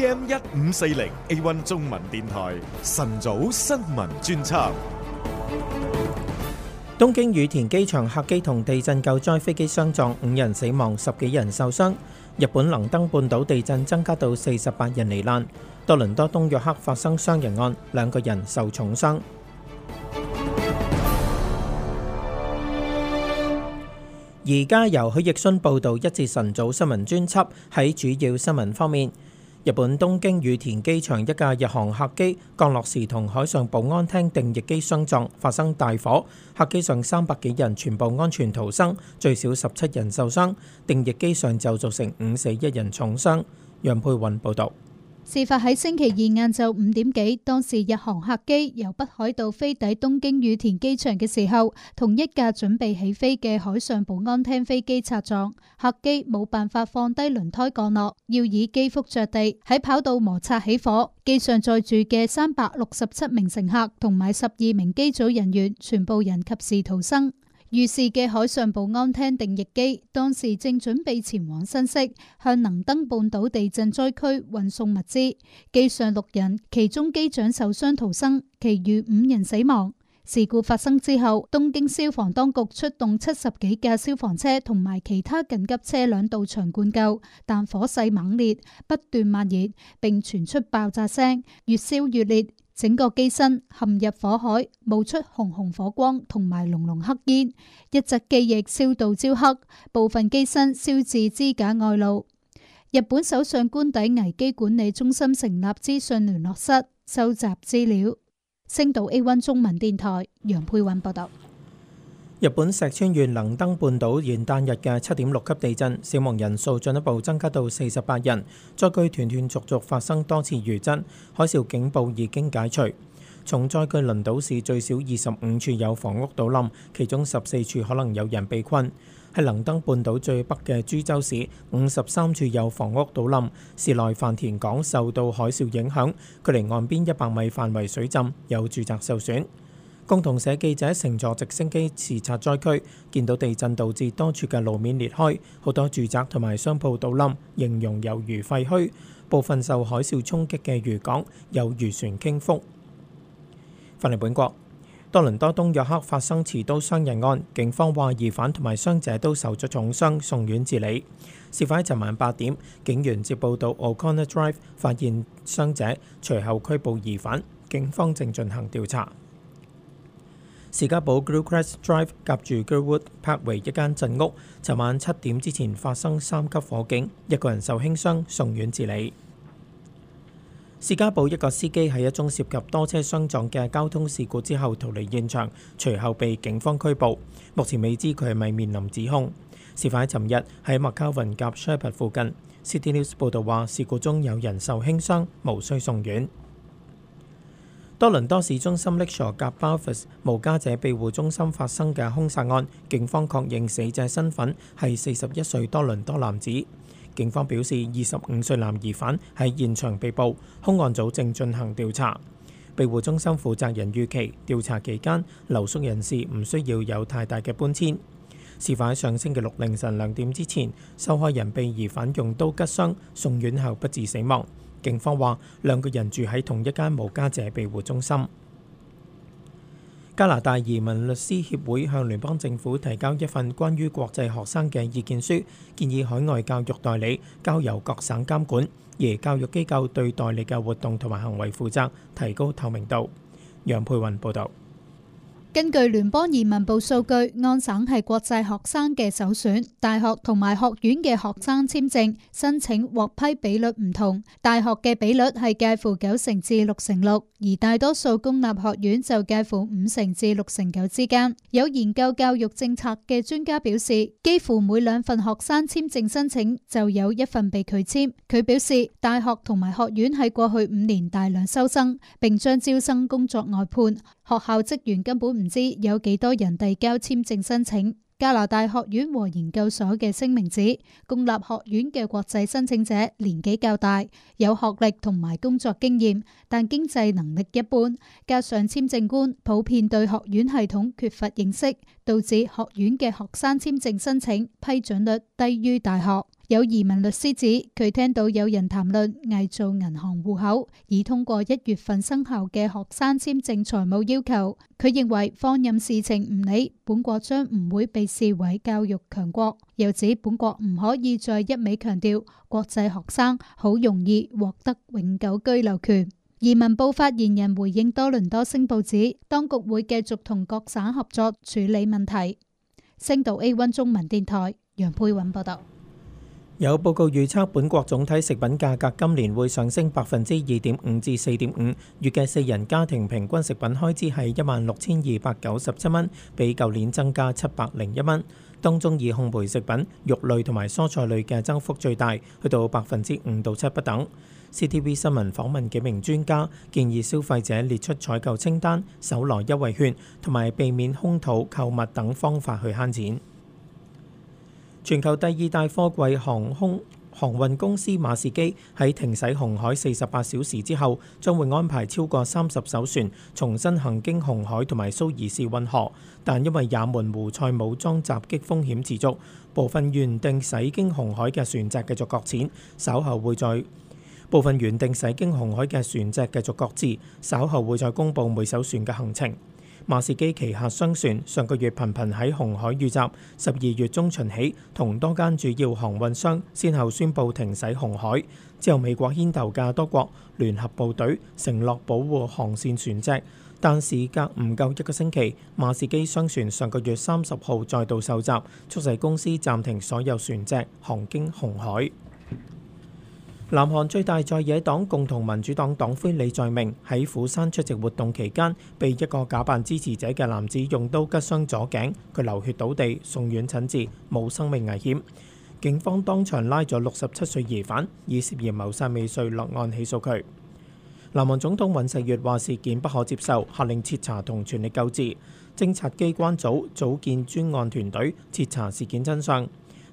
A.M. 一五四零 A. One 中文電台晨早新聞專輯。東京羽田機場客機同地震救災飛機相撞，五人死亡，十幾人受傷。日本能登半島地震增加到四十八人罹難。多倫多東約克發生傷人案，兩個人受重傷。而家由許逸迅報道一節晨早新聞專輯。喺主要新聞方面。日本東京羽田機場一架日航客機降落時同海上保安廳定翼機相撞，發生大火。客機上三百幾人全部安全逃生，最少十七人受傷。定翼機上就造成五死一人重傷。楊佩雲報導。事發喺星期二晏晝五點幾，當時日航客機由北海道飛抵東京羽田機場嘅時候，同一架準備起飛嘅海上保安廳飛機擦撞，客機冇辦法放低輪胎降落，要以機腹着地喺跑道摩擦起火。機上載住嘅三百六十七名乘客同埋十二名機組人員，全部人及時逃生。遇事嘅海上保安廳定翼機當時正準備前往新潟向能登半島地震災區運送物資，機上六人，其中機長受傷逃生，其餘五人死亡。事故發生之後，東京消防當局出動七十幾架消防車同埋其他緊急車輛到場灌救，但火勢猛烈，不斷蔓延，並傳出爆炸聲，越燒越烈。整個機身陷入火海，冒出紅紅火光同埋濃濃黑煙，一隻機翼燒到焦黑，部分機身燒至支架外露。日本首相官邸危機管理中心成立資訊聯絡室，收集資料。星島 A1 中文電台，楊佩韻報道。日本石川縣能登半島元旦日嘅七點六級地震，死亡人數進一步增加到四十八人。災區斷斷續續發生多次餘震，海嘯警報已經解除。重災區輪島市最少二十五處有房屋倒冧，其中十四處可能有人被困。喺能登半島最北嘅珠洲市，五十三處有房屋倒冧。市內飯田港受到海嘯影響，距離岸邊一百米範圍水浸，有住宅受損。共同社記者乘坐直升機視察災，災區，見到地震導致多處嘅路面裂開，好多住宅同埋商鋪倒冧，形容猶如廢墟。部分受海嘯衝擊嘅漁港有漁船傾覆。翻嚟本國，多倫多東約克發生持刀傷人案，警方話疑犯同埋傷者都受咗重傷，送院治理。事發喺尋晚八點，警員接報到 O'Connor Drive 發現傷者，隨後拘捕疑犯，警方正進行調查。史加堡 Grewcrest Drive 夾住 Grewwood Park 為一間鎮屋，尋晚七點之前發生三級火警，一個人受輕傷送院治理。史加堡一個司機喺一宗涉及多車相撞嘅交通事故之後逃離現場，隨後被警方拘捕，目前未知佢係咪面臨指控。事發喺尋日喺麥卡雲夾 Sheppard 附近，City News 報導話事故中有人受輕傷，無需送院。多倫多市中心 Lake Shore 夾 Parkside 無家者庇護中心發生嘅兇殺案，警方確認死者身份係四十一歲多倫多男子。警方表示，二十五歲男疑犯喺現場被捕，凶案組正進行調查。庇護中心負責人預期調查期間留宿人士唔需要有太大嘅搬遷。事發喺上星期六凌晨兩點之前，受害人被疑犯用刀拮傷，送院後不治死亡。警方話兩個人住喺同一間無家者庇護中心。加拿大移民律師協會向聯邦政府提交一份關於國際學生嘅意見書，建議海外教育代理交由各省監管，而教育機構對代理嘅活動同埋行為負責，提高透明度。楊佩雲報導。根據聯邦移民部數據，安省係國際學生嘅首選。大學同埋學院嘅學生簽證申請獲批比率唔同，大學嘅比率係介乎九成至六成六，而大多數公立學院就介乎五成至六成九之間。有研究教育政策嘅專家表示，幾乎每兩份學生簽證申請就有一份被拒簽。佢表示，大學同埋學院喺過去五年大量收生，並將招生工作外判，學校職員根本。唔知有幾多人遞交簽證申請。加拿大學院和研究所嘅聲明指，公立學院嘅國際申請者年紀較大，有學歷同埋工作經驗，但經濟能力一般。加上簽證官普遍對學院系統缺乏認識，導致學院嘅學生簽證申請批准率低於大學。有移民律師指，佢聽到有人談論偽造銀行戶口，已通過一月份生效嘅學生簽證財務要求。佢認為放任事情唔理，本國將唔會被視為教育強國。又指本國唔可以再一味強調國際學生好容易獲得永久居留權。移民部發言人回應多倫多星報指，當局會繼續同各省合作處理問題。星島 A1 中文電台，楊佩韻報道。有報告預測，本國總體食品價格今年會上升百分之二點五至四點五，預計四人家庭平均食品開支係一萬六千二百九十七蚊，比舊年增加七百零一蚊。當中以烘焙食品、肉類同埋蔬菜類嘅增幅最大，去到百分之五到七不等。CTV 新聞訪問幾名專家，建議消費者列出採購清單、手攞優惠券同埋避免空肚購物等方法去慳錢。全球第二大貨櫃航空航運公司馬士基喺停駛紅海四十八小時之後，將會安排超過三十艘船重新行經紅海同埋蘇伊士運河，但因為也門胡塞武裝襲擊風險持續，部分原定駛經紅海嘅船隻繼續擱淺，稍後會再部分原定駛經紅海嘅船隻繼續擱置，稍後會再公布每艘船嘅行程。馬士基旗下商船上個月頻頻喺紅海遇襲，十二月中旬起，同多間主要航運商先後宣布停駛紅海。之後美國牽頭嘅多國聯合部隊承諾保護航線船隻，但時隔唔夠一個星期，馬士基商船上個月三十號再度受襲，促使公司暫停所有船隻航經紅海。南韓最大在野黨共同民主黨黨魁李在明喺釜山出席活動期間，被一個假扮支持者嘅男子用刀拮傷咗頸，佢流血倒地，送院診治，冇生命危險。警方當場拉咗六十七歲疑犯，以涉嫌謀殺未遂落案起訴佢。南韓總統尹錫悅話事件不可接受，下令徹查同全力救治，偵察機關組組建專案團隊，徹查事件真相。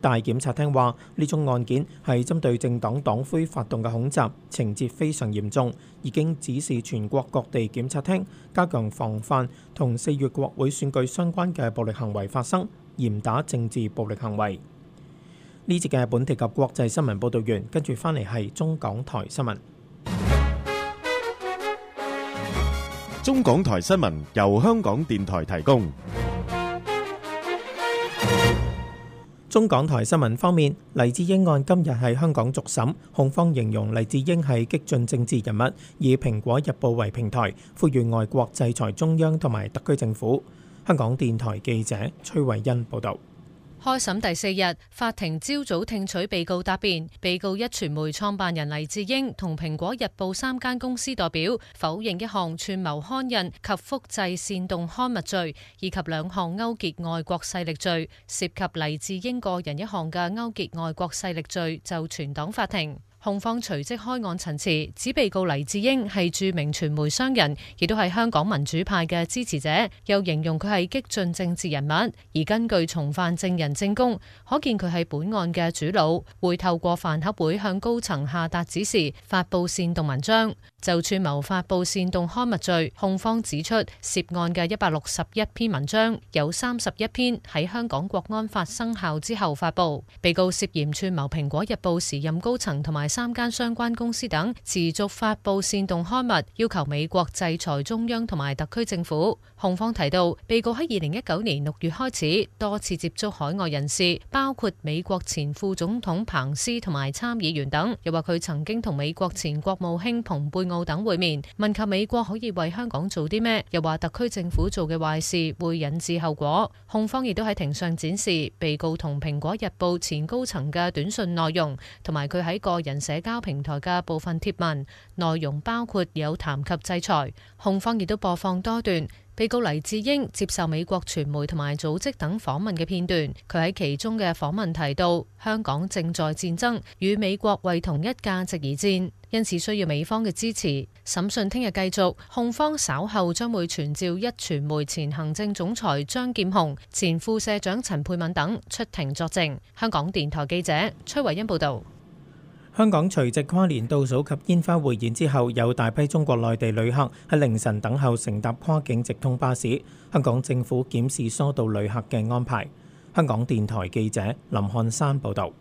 大檢察廳話：呢宗案件係針對政黨黨魁發動嘅恐襲，情節非常嚴重，已經指示全國各地檢察廳加強防範同四月國會選舉相關嘅暴力行為發生，嚴打政治暴力行為。呢節嘅本地及國際新聞報導完，跟住翻嚟係中港台新聞。中港台新聞由香港電台提供。中港台新聞方面，黎智英案今日喺香港續審，控方形容黎智英係激進政治人物，以《蘋果日報》為平台，呼籲外國制裁中央同埋特區政府。香港電台記者崔慧欣報導。開審第四日，法庭朝早聽取被告答辯。被告壹傳媒創辦人黎智英同《蘋果日報》三間公司代表否認一項串謀刊印及複製煽動刊物罪，以及兩項勾結外國勢力罪。涉及黎智英個人一項嘅勾結外國勢力罪，就全黨法庭。控方隨即開案陳詞，指被告黎智英係著名傳媒商人，亦都係香港民主派嘅支持者，又形容佢係激進政治人物。而根據從犯證人證供，可見佢係本案嘅主腦，會透過飯盒會向高層下達指示，發佈煽動文章。就串謀發佈煽動刊物罪，控方指出涉案嘅一百六十一篇文章，有三十一篇喺香港國安法生效之後發布。被告涉嫌串謀《蘋果日報》時任高層同埋。三間相關公司等持續發佈煽動刊物，要求美國制裁中央同埋特區政府。控方提到，被告喺二零一九年六月開始多次接觸海外人士，包括美國前副總統彭斯同埋參議員等。又話佢曾經同美國前國務卿蓬佩奧等會面，問及美國可以為香港做啲咩。又話特區政府做嘅壞事會引致後果。控方亦都喺庭上展示被告同《蘋果日報》前高層嘅短信內容，同埋佢喺個人。社交平台嘅部分貼文內容包括有談及制裁，控方亦都播放多段被告黎智英接受美國傳媒同埋組織等訪問嘅片段。佢喺其中嘅訪問提到，香港正在戰爭，與美國為同一價值而戰，因此需要美方嘅支持。審訊聽日繼續，控方稍後將會傳召一傳媒前行政總裁張劍虹、前副社長陳佩敏等出庭作證。香港電台記者崔維恩報道。香港除夕跨年倒數及煙花匯演之後，有大批中國內地旅客喺凌晨等候乘搭跨境直通巴士。香港政府檢視疏導旅客嘅安排。香港電台記者林漢山報導。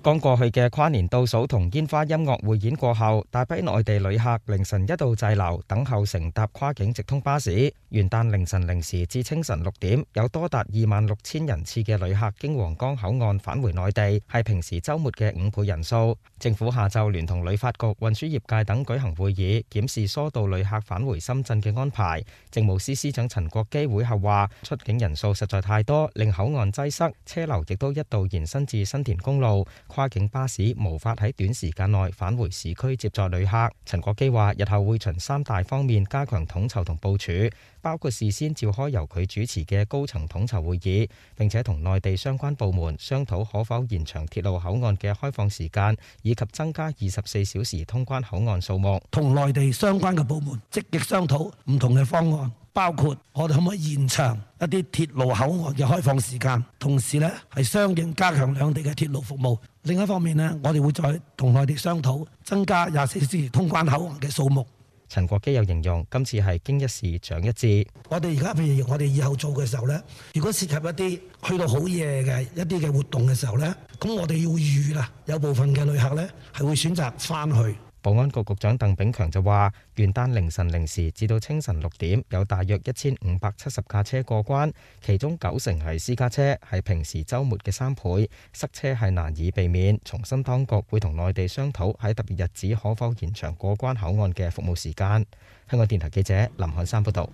剛過去嘅跨年倒數同煙花音樂會演過後，大批內地旅客凌晨一度滯留等候乘搭跨境直通巴士。元旦凌晨零時至清晨六點，有多達二萬六千人次嘅旅客經皇崗口岸返回內地，係平時周末嘅五倍人數。政府下晝聯同旅發局、運輸業界等舉行會議，檢視疏導旅客返回深圳嘅安排。政務司司長陳國基會後話，出境人數實在太多，令口岸擠塞，車流亦都一度延伸至新田公路。跨境巴士無法喺短時間內返回市區接載旅客，陳國基話日後會循三大方面加強統籌同部署，包括事先召開由佢主持嘅高層統籌會議，並且同內地相關部門商討可否延長鐵路口岸嘅開放時間，以及增加二十四小時通關口岸數目，同內地相關嘅部門積極商討唔同嘅方案。包括我哋可唔可以延長一啲鐵路口岸嘅開放時間，同時呢，係相應加強兩地嘅鐵路服務。另一方面呢，我哋會再同內地商討增加廿四小時通關口岸嘅數目。陳國基又形容今次係經一事長一智，我哋而家譬如我哋以後做嘅時候呢，如果涉及一啲去到好夜嘅一啲嘅活動嘅時候呢，咁我哋要預啦，有部分嘅旅客呢，係會選擇翻去。保安局局長鄧炳強就話：元旦凌晨零時至到清晨六點，有大約一千五百七十架車過關，其中九成係私家車，係平時周末嘅三倍，塞車係難以避免。重新當局會同內地商討喺特別日子可否延長過關口岸嘅服務時間。香港電台記者林漢山報道。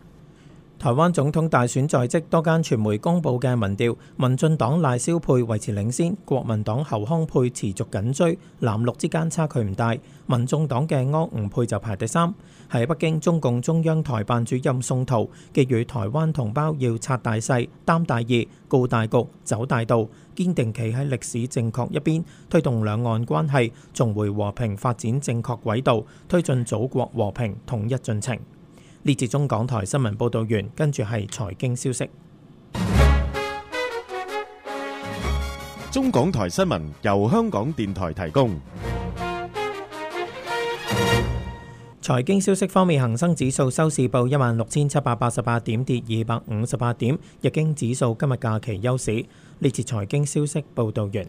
台灣總統大選在即，多間傳媒公佈嘅民調，民進黨賴蕭佩維持領先，國民黨侯康佩持續緊追，藍綠之間差距唔大。民眾黨嘅柯吳佩就排第三。喺北京，中共中央台辦主任宋濤寄語台灣同胞要察大勢、擔大義、顧大局、走大道，堅定企喺歷史正確一邊，推動兩岸關係重回和平發展正確軌道，推進祖國和平統一進程。呢節中港台新聞報道完，跟住係財經消息。中港台新聞由香港電台提供。財經消息方面，恒生指數收市報一萬六千七百八十八點，跌二百五十八點。日經指數今日假期休市。呢節財經消息報道完。